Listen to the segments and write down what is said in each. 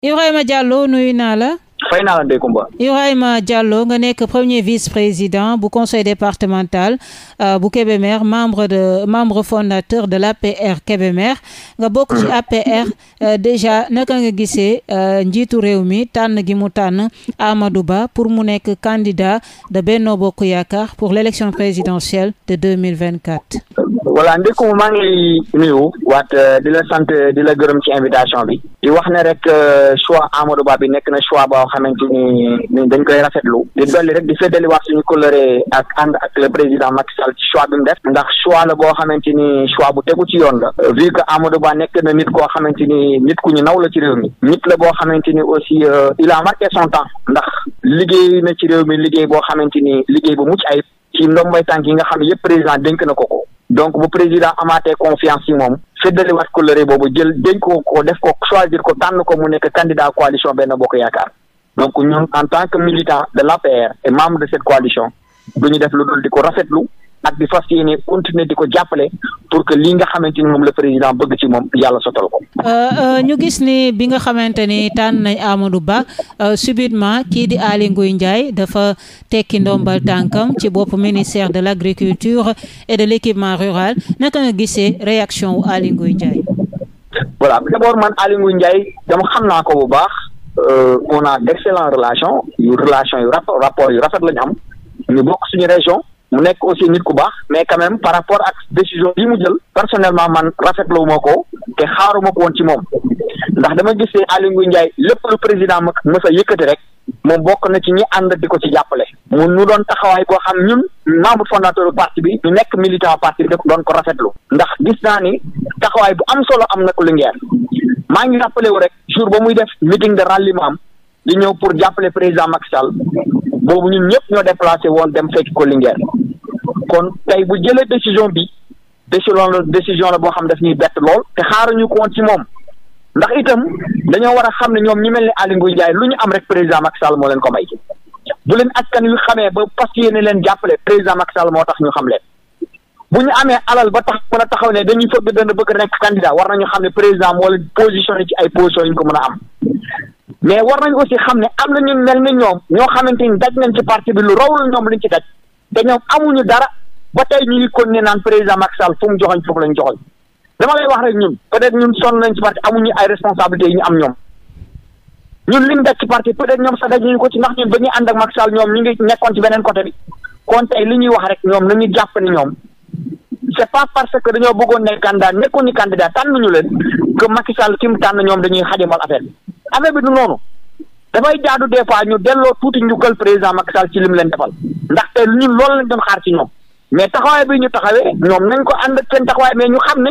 Ibrahima la. fay nga nekk premier vice-président bu conseil départemental euh, bu Kébémer membre membre fondateur de l'APR Kébémer nga bokk ci APR euh, déjà naka nga gisee euh, njiitu réew mi tànn gi mu tànn Amadou Ba pour mu nekk candidat de Benno Bokk Yaakaar pour l'élection présidentielle de deux mille vingt-quatre. voilà Ndeye di la di la gërëm ci di wax ne rek euh, choix Amadou Ba bi nekk na choix boo xamante ni dañ koy rafetlu di dolli rek di feddaliwaat suñu coloré ak ànd ak le président Macky Sall ci choix bi mu def ndax choix la boo xamante ni choix bu tegu ci yoon la euh, vu que Amadou nekk na nit koo xamante ni nit ku ñu naw la ci réew mi nit la boo xamante ni aussi euh, il a marqué son temps ndax liggéey na ci réew mi liggéey boo xamante ni liggéey bu mucc ayib ci ndombay tànk yi nga xam ne yëpp président dénk na ko ko donc bu président amaatee confiance ci moom séddaliwaat coloré boobu jël deñ ko ko def ko choisir ko tànn ko mu nekk candidat coalition benn bokk yaakaar donc ñun en tant que militant de l'APR et membre de cette coalition du ñu def lu dul di ko rafetlu ak di fas yéene continuer di ko jàppale pour que lii nga xamante ni moom la président bëgg ci moom yàlla sotal ko. Euh, euh, ñu gis ni bi nga xamante ni tànn nañ Amadou Ba euh, subitement kii di Aly Ngouille Ndiaye dafa tekki ndombal tànkam ci bopp ministère de l' agriculture et de l' équipement rural naka nga gisee réaction wu Aly Ngouille Ndiaye. voilà d' man Aly Ngouille Ndiaye dama xam naa ko bu baax on a d' excellentes relations yu relation yu rapport rapport yu rafet la am ñu suñu région. mu nekk aussi nit ku baax mais quand même par rapport ak décision yi mu jël personnellement man rafetlu ma ko te xaaruma ko woon ci moom ndax dama gis ne Aly Ngouille lépp lu président ma mës a yëkkati rek moom bokk na ci ñi ànd di ko ci jàppale. mu nu doon taxawaay koo xam ñun membre fondateur parti bi ñu nekk militant parti bi doon ko rafetlu ndax gis naa ni taxawaay bu am solo am na ko Linguère maa ngi rappelé rek jour ba muy def meeting de ralliement am di ñëw pour jàppale président Macky Sall boobu ñun ñëpp ñoo déplacé woon dem fekk ko Linguère. kon tey bu jëlee décision bi décision la décision la boo xam daf ñuy det lool te xaaruñu ko woon ci moom ndax itam dañoo war a xam ne ñoom ñu mel ni Aly Ngouille Ndiaye lu ñu am rek président Macky Sall moo leen ko may bu leen askan wi xamee ba parce que yéen leen jàppale président Macky Sall moo tax ñu xam leen bu ñu amee alal ba tax mën a taxaw ne dañuy fëgg dana bëgg nekk candidat war nañu xam ne président moo leen positionné ci ay position ko mën a am mais war nañu aussi xam ne am na ñu mel ni ñoom ñoo xamante ni daj nañ ci parti bi lu rawul ñoom liñ ci daj. dañoo amuñu dara ba tey ñu ngi kon ne naan président Macky Sall fu mu joxoñ foofu lañ joxoñ dama lay wax rek ñun peut ñun sonn nañ ci parti amuñu ay responsabilités yi ñu am ñoom ñun lim daj ci parti peut-être ñoom sax dañu ko ci ndax ñun ba ñuy ànd ak Macky ñoom ñu ngi nekkoon ci beneen côté bi kon tey li ñuy wax rek ñoom nañu jàpp ni ñoom c'est pas parce que dañoo bëggoon nekk candidat nekkoon ni candidat tànnuñu leen que Macky Sall ki mu tànn ñoom dañuy xajamal affaire bi affaire bi du noonu dafay jaadu des fois ñu delloo tuuti njukkal président Macky Sall ci lim leen defal ndaxte ñun loolu lañ doon xaar ci ñoom mais taxawaay bi ñu taxawee ñoom nañ ko ànd ak seen taxawaay mais ñu xam ne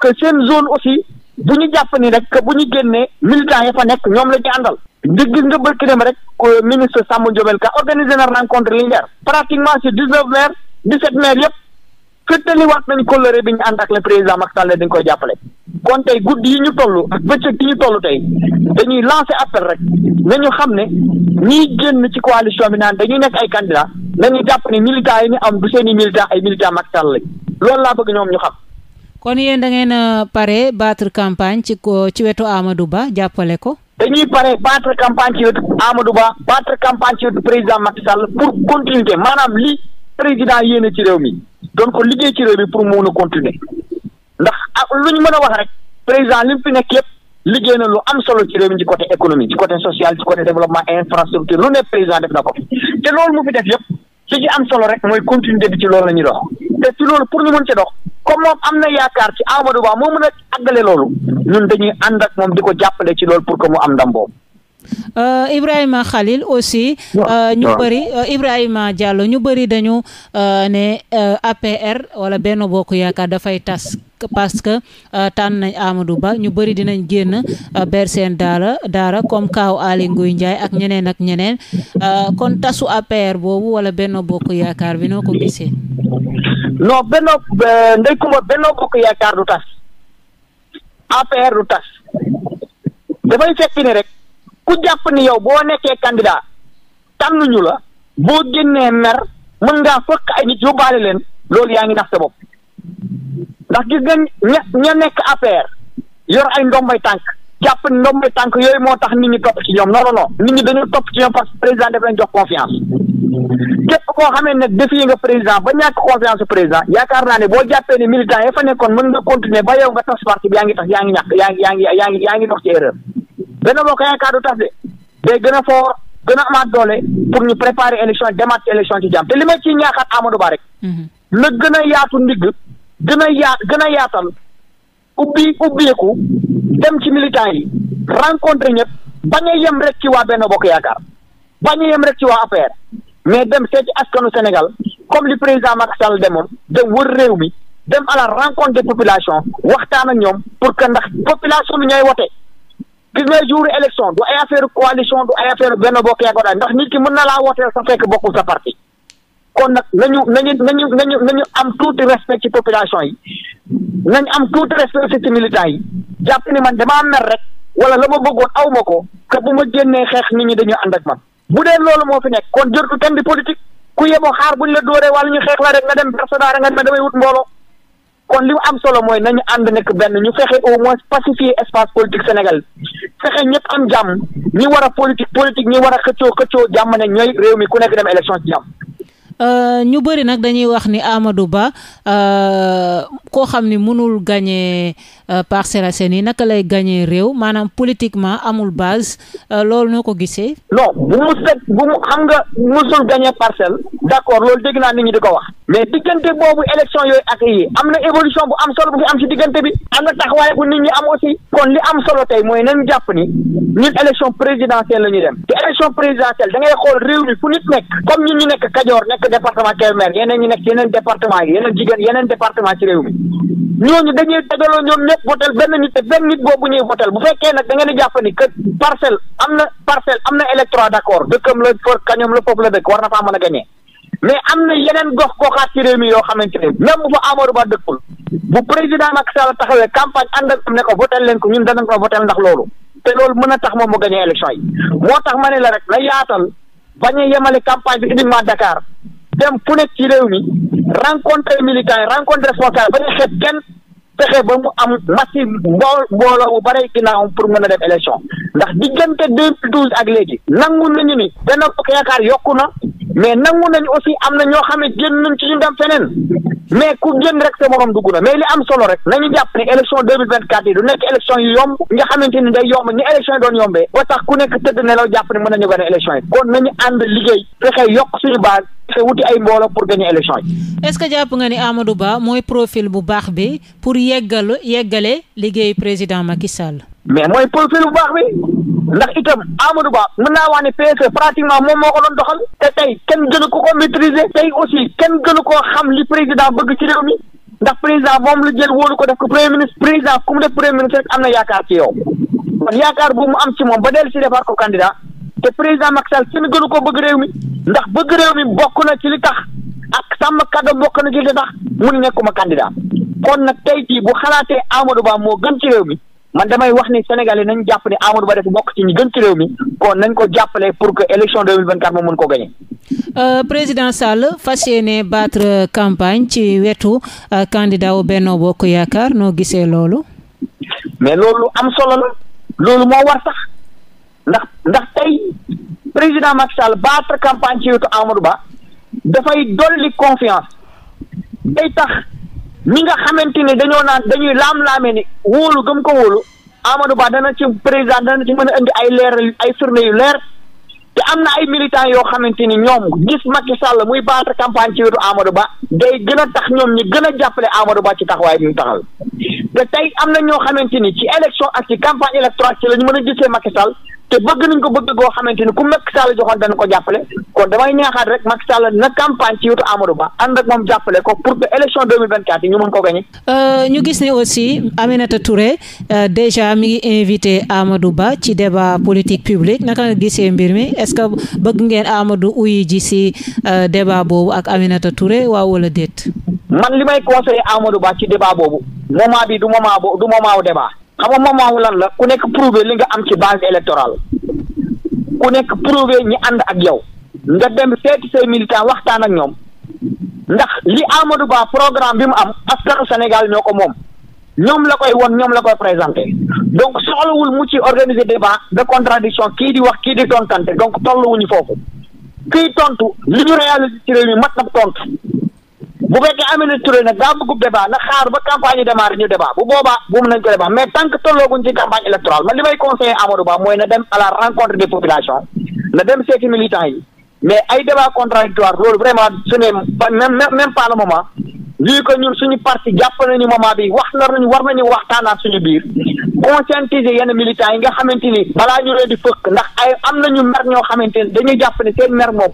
que seen zone aussi bu ñu jàpp ni rek que bu ñu génnee militant ya fa nekk ñoom la ñu àndal. di gis nga bëgg dem rek ko ministre Samba Ndiobène Ka organisé na rencontre Linguère pratiquement ci dix neuf maires dix sept maires yëpp. fëttaliwaat nañ coloré bi ñu ànd ak le président Macky Sall dañ koy jàppale kon tey guddi yi ñu toll ak bëccëg yi ñu toll tey dañuy lancer appel rek nañu xam ne ñiy génn ci coalition bi naan dañuy nekk ay candidat nañu jàpp ne militants yi ñu am du seen i militants ay militants Macky Sall la loolu laa bëgg ñoom ñu xam. kon yéen da ngeen a pare battre campagne ci ko ci wetu Amadou Ba jàppale ko. dañuy pare battre campagne ci wetu Amadou Ba battre président Macky Sall pour continuité maanaam li président yéene ci réew mi. doon ko liggéey ci réew mi pour mu mun a continuer ndax ah lu ñu mën a wax rek président li mu fi nekk yëpp liggéey na lu am solo ci réew mi ci côté économique ci côté social ci côté développement infrastructure lu ne président def na ko te loolu mu fi def yëpp li ci am solo rek mooy continuer bi ci loolu la ñuy dox te ci loolu pour ñu mën ci dox comme moom am na yaakaar ci Amadou Ba moo mën a àggale loolu ñun dañuy ànd ak moom di ko jàppale ci loolu pour que mu am ndam Euh, Ibrahima Khalil aussi. Euh, ñu bëri euh, Ibrahima Diallo ñu bëri dañu ne APR wala benn Bokk Yaakaar dafay tas parce que tànn nañ Amadou Ba ñu bëri dinañ génn ber seen daara daara comme kaaw Aly Ngouille Ndiaye ak ñeneen ak ñeneen kon tasu APR boobu wala benn Bokk Yaakaar bi noo ko gisee. non Benno Ndeye Comba Benno Bokk Yaakaar du tas APR du tas dafay fekk ni rek. ku jàpp ni yow boo nekkee candidat tànnuñu la boo génnee mer mën ngaa fëkk ay nit yóbbaale leen loolu yaa ngi nax sa bopp ndax gis nga ña ña nekk APR yor ay ndombay tànk jàpp ni ndombay tànk yooyu moo tax nit ñi topp ci ñoom non non nit ñi dañu topp ci ñoom parce président daf leen jox confiance képp koo xamee ne défier nga président ba ñàkk confiance président yaakaar naa ne boo jàppee ni militant ya fa nekkoon mën nga continuer ba yaa ngi tax yaa ngi ñàkk yaa benn boo yaakaar du tas de day gën a foor gën a amaat doole pour ñu préparer élection demaat ci élection ci jàmm te li ma ciy ñaaxaat Amadou Ba rek. Mhm. na gën a yaatu ndigg gën a yaat gën a yaatal ubbi ubbeeku dem ci militant yi rencontre ñëpp bañ a yem rek ci waa benn bokk yaakaar bañ a yem rek ci waa APR mais dem seeti askanu Sénégal comme li président Macky Sall demoon dem wër réew mi dem à la rencontre des waxtaan ak ñoom pour que ndax population bi ñooy wote. gis nga jour élection du ay affaire coalition du ay affaire benn bokk yaakaar daal ndax nit ki mën na laa wooteel sa fekk bokkul sa parti kon nag nañu nañu nañu nañu nañu am tuuti respect ci population yi na nañ am tuuti respect ci militants yi jàpp ni man damaa mer rek wala la ma bëggoon aw ma ko te bu ma génnee xeex nit ñi dañu ànd ak man bu dee loolu moo fi nekk kon jërtu kenn di politique ku yeboo xaar buñ la dóoree wala ñu xeex la rek kon lim am solo mooy nañu ànd nekk benn ñu fexe au moins pacifier espace politique Sénégal fexe ñëpp am jàmm ñi war a politique politique ñi war a xëccoo xëccoo jàmm ne ñooy réew mi ku nekk dem élection ci jàmm Euh, ñu bëri nag dañuy wax ni Amadou Ba euh, koo xam ni mënul gagné euh, Parcelles seen yi naka lay gagné réew maanaam politiquement amul base loolu ñoo ko gisee. non bu mu set bu mu xam nga mësul gagné parcelle d'accord loolu dégg naa nit ñi di ko wax. mais diggante boobu élection yooyu ak yi am na évolution bu am solo bu fi am si diggante bi am na waaye bu nit ñi am aussi kon li am solo tey mooy nañ jàpp ni ñun élection présidentielle la ñuy dem te élection présidentielle da ngay xool réew mi fu comme ñun ñu nekk Kajoor nekk nekk département Kébémer yeneen ñi nekk yeneen département yi yeneen jigéen yeneen département ci réew mi ñooñu dañuy dajaloo ñoom ñëpp votel benn nit te benn nit boobu bu fekkee nag da ngeen di jàpp ni que parcelle am na parcelle am na électorat d'accord dëkkam la for kañoom la foofu la dëkk war na faa mën a gagner mais am na yeneen gox goxaat ci réew mi yoo xamante ne même bu fa Amadou Ba dëkkul bu président Macky Sall taxawee campagne ànd ak ko votel leen ko ko votel ndax a a yemale dem fu nekk ci réew mi rencontré militants yi rencontré responsable ba ñu xeet kenn fexe ba mu am massive mbooloo mbooloo bu bare am pour mën a dem élection ndax diggante deux mille douze ak léegi nangul nañu ni benn bokk yaakaar yokku na mais nangu nañu aussi am na ñoo xam ne génn nañ ci ñu dem feneen mais ku génn rek sa morom dugg na mais li am solo rek nañu jàpp ne élection deux mille vingt quatre yi du nekk élection nga xamante ni day yomb ni élection yi doon yombee ba tax ku nekk tëdd nelaw jàpp ne mën nañu gagné élection yi kon nañu ànd liggéey fexe yokk suñu base fexe wuti ay mbooloo pour gagné élection yi. est-ce que jàpp nga ni Amadou Ba mooy profil bu baax bi pour yeggalu yeggale liggéey président Macky Sall. mais mooy profil bu baax bi ndax itam Amadou Ba mën naa wax ne PSE pratiquement moom moo ko doon doxal te tey kenn gënu ko ko maîtriser tey aussi kenn gënu ko xam li président bëgg ci réew mi ndax président moom la jël wóolu ko def ko premier ministre président ku mu def premier ministre rek am na yaakaar ci yow kon bu mu am ci moom ba dellu si defaat ko candidat te président Macky Sall kenn gënu ko bëgg réew mi ndax bëgg réew mi bokk na ci li tax ak sàmm kàddoom bokk na ci li tax mu nekkuma candidat kon nag tey jii bu xalaatee Amadou Ba moo gën ci réew mi. man damay wax ni Sénégal yi nañu jàpp ni Amadou Ba def bokk ci ñi gën ci réew mi kon nañ ko jàppale pour que élection 2024 moom mën ko gagné. Euh, président Sall fas yéene battre euh, campagne ci wetu euh, candidat wu Benno Bokk Yaakaar noo gisee loolu. mais loolu am solo la loolu moo war sax ndax ndax tey président Macky Sall battre campagne ci wetu Amadou Ba dafay dolli confiance day tax. ñi nga xamante ni dañoo naan dañuy laam-laamee ni wóolu gëm ko wóolu Amadou Ba na ci président na ci mën a indi ay leeral ay firnde yu leer te am na ay militants yoo xamante ni ñoom gis Macky Sall muy baata campagne ci wetu Amadou Ba day gën a tax ñoom ñi gën a jàppale Amadou Ba ci taxawaay bi mu taxal te tey am na ñoo xamante ni ci élection ak ci campagne électorale ci la ñu mën a gisee Macky Sall te bëgg nañ ko bëgg goo xamante ni ku Macky Sall joxoon dana ko jàppale kon damay ñaaxaat rek Macky Sall na campagne ci wetu Amadou Ba ànd ak moom jàppale ko pour que élection 2024 yi ñu mën ko euh, ñu gis ne aussi Aminata Touré euh, déjà mi ngi invité Amadou Ba ci débat politique publique naka nga gisee mbir mi est-ce que bëgg ngeen Amadou uyi ji si euh, débat boobu ak Aminata Touré waaw wala déet. man li may conseillé Amadou Ba ci débat boobu moment bi du moment du moment débat. xam nga moment wu lan la ku nekk prouver li nga am ci base électorale ku nekk prouver ñi ànd ak yow nga dem seeti say militant waxtaan ak ñoom ndax li Amadou Ba programme bi mu am askanu Sénégal ñoo ko moom ñoom la koy won ñoom la koy présenté donc soxlawul mu ci organiser débat de contradiction kii di wax kii di tontante donc tolluwuñu foofu kiy tontu li ñu réaliser ci réew mi mat na tontu bu fekkee Aminata Touré nag daa bëgg débat na xaar ba campagne yu démarré ñu débat bu boobaa buum nañ ko débat mais tant que ci campagne électorale man li may conseiller Amadou Ba mooy na dem à la rencontre des populations na dem seeti militants yi mais ay débat contradictoire loolu vraiment ce n'est même même pas le moment lii ko ñun suñu parti jàpp nañu moment bi wax na nañu war nañu waxtaanaat suñu biir conscientiser yenn militants yi nga xamante ni balaa ñu leen di fëkk ndax ay am nañu mer ñoo xamante ni dañuy jàpp ne seen mer moom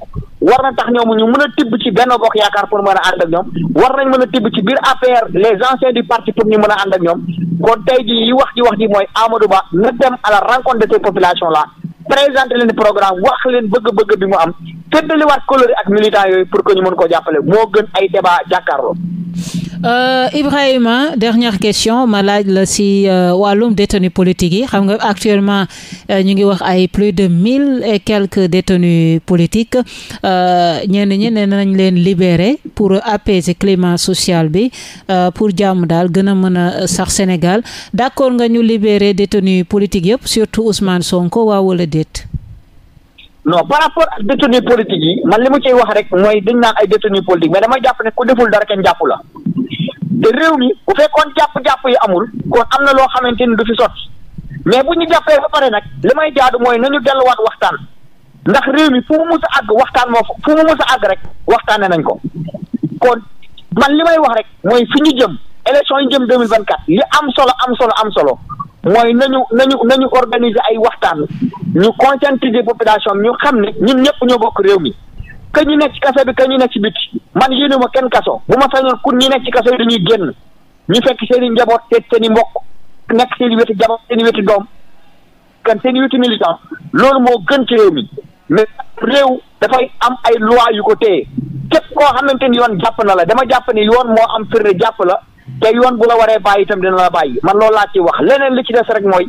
war na tax ñoom ñu mën a tibb ci benn bokk yaakaar pour mën a ànd ak ñoom war nañ mën a tibb ci biir APR les anciens du parti pour ñu mën a ànd ak ñoom kon tey ji yi wax ji wax ji mooy Amadou Ba na dem à la rencontre de ces populations là présenter leen programme wax leen bëgg-bëgg bi mu am séddaliwaat coloré ak militant pour que ñu mën ko jàppale moo gën ay débat jàkkaarloo. Euh, Ibrahima dernière question ma laaj la si euh, wàllum détenu politique yi xam nga actuellement euh, ñu ngi wax ay plus de mille et quelques détenus politiques euh, ñenn ñi nee nañ leen libérer pour apaiser climat social bi euh, pour jàmm daal gën a mën a sax Sénégal d'accord nga ñu libérer détenus politiques yëpp surtout Ousmane Sonko waa wala déet. non par rapport ak détenu politique yi man li ma ciy wax rek mooy dañ naa ay détenu politique mais damay jàpp ne ku deful dara kenn jàpp la te réew mi bu fekkoon jàpp-jàpp yi amul kon am na loo xamante ni du fi sotti mais bu ñu jàppee ba pare nag li may jaadu mooy nañu delluwaat waxtaan ndax réew mi fu mu mus àgg waxtaan moo fu mu mus a àgg rek waxtaane nañ ko kon man li may wax rek mooy fi ñu jëm élection yu jëm deux mille vingt quatre li am solo am solo am solo mooy ñu nañu nañu organiser ay waxtaan ñu conscientiser population ñu xam ne ñun ñëpp ñoo bokk réew mi que ñu nekk ci kaso bi que ñu nekk ci biti man yéene ma kenn kaso bu ma sañoon ku ñu nekk ci kaso yi dañuy génn ñu fekk seen i njaboot seet seen i mbokk nekk seen i wetu jaboot seen doom kan seen i wetu militant loolu moo gën ci réew mi mais réew dafay am ay loi yu ko téye képp koo xamante ni yoon jàpp na la dama jàpp ni yoon moo am firnde jàpp la te yoon bu la waree bàyyi tam dina la bàyyi man loolu laa ci wax leneen li ci des rek mooy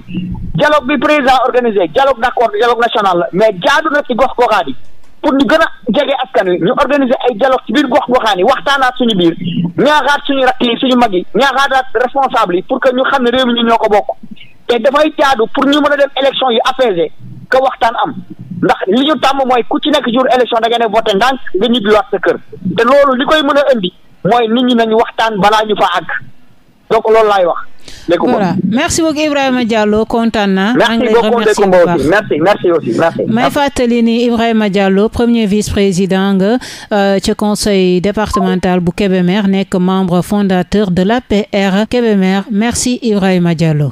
dialogue bi président organisé dialogue d'accord dialogue national la mais jaadu na ci gox goxaan yi pour ñu gën a jege askan wi ñu organiser ay dialogue ci biir gox goxaan yi waxtaanaat suñu biir ñaaxaat suñu rakk yi suñu mag yi ñaaxaataat responsable yi pour que ñu xam ne réew mi ñu ñoo ko bokk te dafay jaadu pour ñu mën a dem élection yu apaisé que waxtaan am ndax li ñu tàmm mooy ku ci nekk jour élection da ngeen voté ndànk nga ñibbiwaat sa kër te li koy mën a indi mooy nit ñi nañ waxtaan balaa ñu fa àgg donc loolu laay wax. merci beaucoup Ibrahima Diallo kontaan naa. maa ngi lay remercier bu baax merci merci aussi merci. may fàttali ni Ibrahima Diallo premier vice-président nga euh, ci conseil départemental bu Kébémer nekk membre fondateur de l'APR Kébémer merci Ibrahima Diallo.